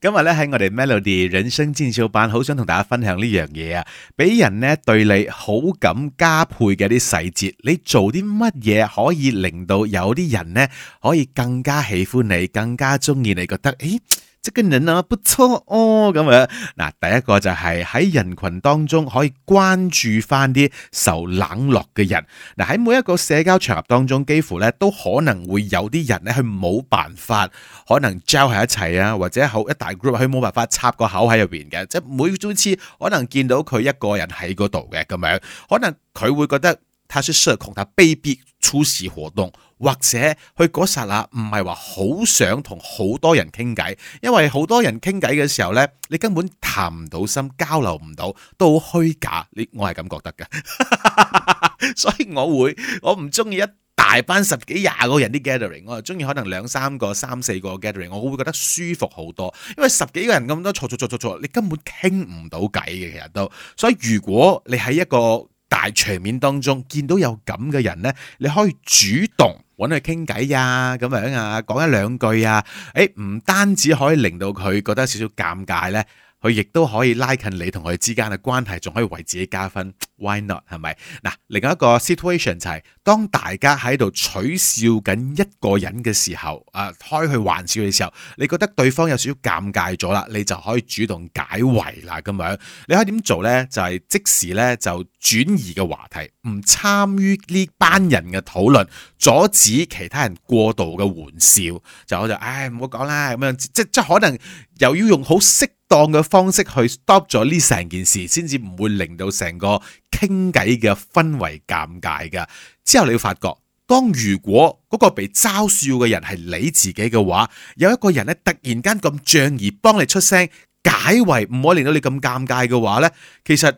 今日咧喺我哋 Melody 人生進修班，好想同大家分享呢樣嘢啊！俾人呢對你好感加倍嘅啲細節，你做啲乜嘢可以令到有啲人呢可以更加喜歡你，更加鍾意你，覺得誒？欸即係人啊，不錯哦咁樣。嗱， 第一個就係喺人群當中可以關注翻啲受冷落嘅人。嗱，喺每一個社交場合當中，幾乎咧都可能會有啲人咧，佢冇辦法，可能交喺一齊啊，或者好一大 group，佢冇辦法插個口喺入邊嘅。即係每朝次可能見到佢一個人喺嗰度嘅咁樣，可能佢會覺得。他說想同他 baby 出席活動，或者去嗰剎那，唔係話好想同好多人傾偈，因為好多人傾偈嘅時候呢，你根本談唔到心，交流唔到，都好虛假。你我係咁覺得嘅， 所以我會我唔中意一大班十幾廿個人啲 gathering，我就中意可能兩三個、三四個 gathering，我會覺得舒服好多。因為十幾個人咁多嘈嘈坐坐坐，你根本傾唔到偈嘅，其實都。所以如果你喺一個大場面當中見到有咁嘅人呢，你可以主動揾佢傾偈呀，咁樣啊，講一兩句啊，誒、欸，唔單止可以令到佢覺得少少尷尬呢，佢亦都可以拉近你同佢之間嘅關係，仲可以為自己加分，why not？係咪？嗱，另外一個 situation 就係當大家喺度取笑緊一個人嘅時候，啊，開佢玩笑嘅時候，你覺得對方有少少尷尬咗啦，你就可以主動解圍啦，咁樣。你可以點做咧？就係即時咧就轉移嘅話題，唔參與呢班人嘅討論，阻止其他人過度嘅玩笑。就我就唉唔好講啦，咁樣即即，即可能又要用好識。當嘅方式去 stop 咗呢成件事，先至唔會令到成個傾偈嘅氛圍尷尬㗎。之後你會發覺，當如果嗰個被嘲笑嘅人係你自己嘅話，有一個人呢突然間咁仗義幫你出聲，解圍唔可以令到你咁尷尬嘅話呢，其實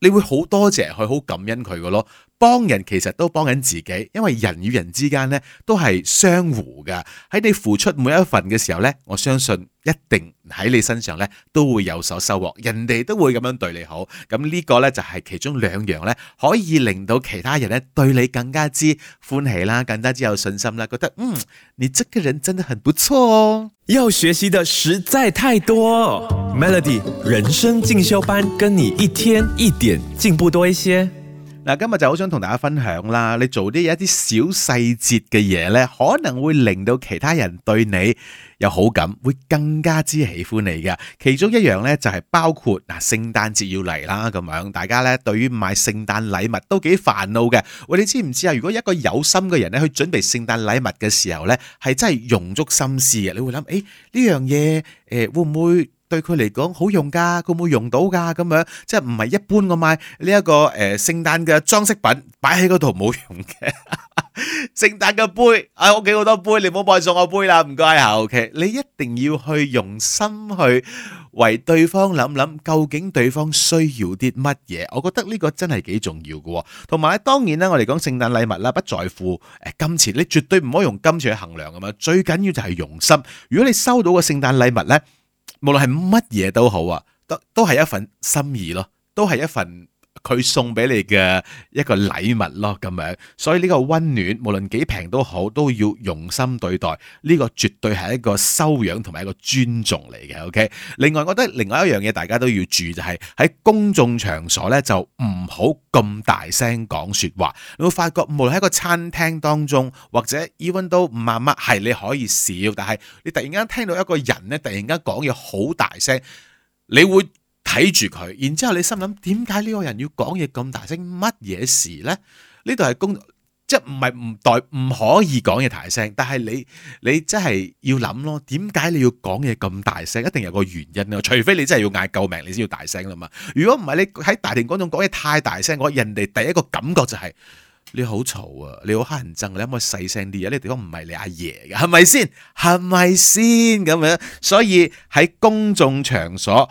你會好多謝佢，好感恩佢嘅咯。幫人其實都幫緊自己，因為人與人之間呢都係相互嘅。喺你付出每一份嘅時候呢，我相信。一定喺你身上咧都會有所收穫，人哋都會咁樣對你好，咁、這、呢個咧就係其中兩樣咧，可以令到其他人咧對你更加之歡喜啦，更加之有信心啦，覺得嗯，你呢個人真的很不錯哦。要學習的實在太多，Melody 人生進修班，跟你一天一點進步多一些。嗱，今日就好想同大家分享啦，你做啲一啲小細節嘅嘢咧，可能會令到其他人對你有好感，會更加之喜歡你嘅。其中一樣咧就係包括嗱，聖誕節要嚟啦，咁樣大家咧對於買聖誕禮物都幾煩惱嘅。喂，你知唔知啊？如果一個有心嘅人咧去準備聖誕禮物嘅時候咧，係真係用足心思嘅。你會諗，誒呢樣嘢誒會唔會？對佢嚟講好用噶，佢會用到噶。咁樣，即係唔係一般我買呢、這、一個誒聖誕嘅裝飾品擺喺嗰度冇用嘅。聖誕嘅杯，喺屋企好多杯，你唔好再送我杯啦，唔該。後、okay. 期你一定要去用心去為對方諗諗，究竟對方需要啲乜嘢？我覺得呢個真係幾重要嘅。同埋咧，當然啦，我哋講聖誕禮物啦，不在乎誒金錢，你絕對唔可以用金錢去衡量噶嘛。最緊要就係用心。如果你收到個聖誕禮物咧，無論係乜嘢都好啊，都都係一份心意咯，都係一份。佢送俾你嘅一個禮物咯，咁樣，所以呢個温暖無論幾平都好，都要用心對待。呢個絕對係一個修養同埋一個尊重嚟嘅。OK，另外我覺得另外一樣嘢大家都要注意就係喺公眾場所呢，就唔好咁大聲講說話。你會發覺無論喺一個餐廳當中或者 even 都唔萬乜係你可以笑，但係你突然間聽到一個人呢，突然間講嘢好大聲，你會。睇住佢，然之後你心諗，點解呢個人要講嘢咁大聲？乜嘢事呢？呢度係公，即係唔係唔代唔可以講嘢大聲，但係你你真係要諗咯。點解你要講嘢咁大聲？一定有一個原因啊，除非你真係要嗌救命，你先要大聲啊嘛。如果唔係，你喺大庭廣眾講嘢太大聲，我人哋第一個感覺就係、是、你好嘈啊，你好黑人憎，你可唔可以細聲啲啊？你哋、這個、地方唔係你阿、啊、爺嘅，係咪先？係咪先？咁樣，所以喺公眾場所。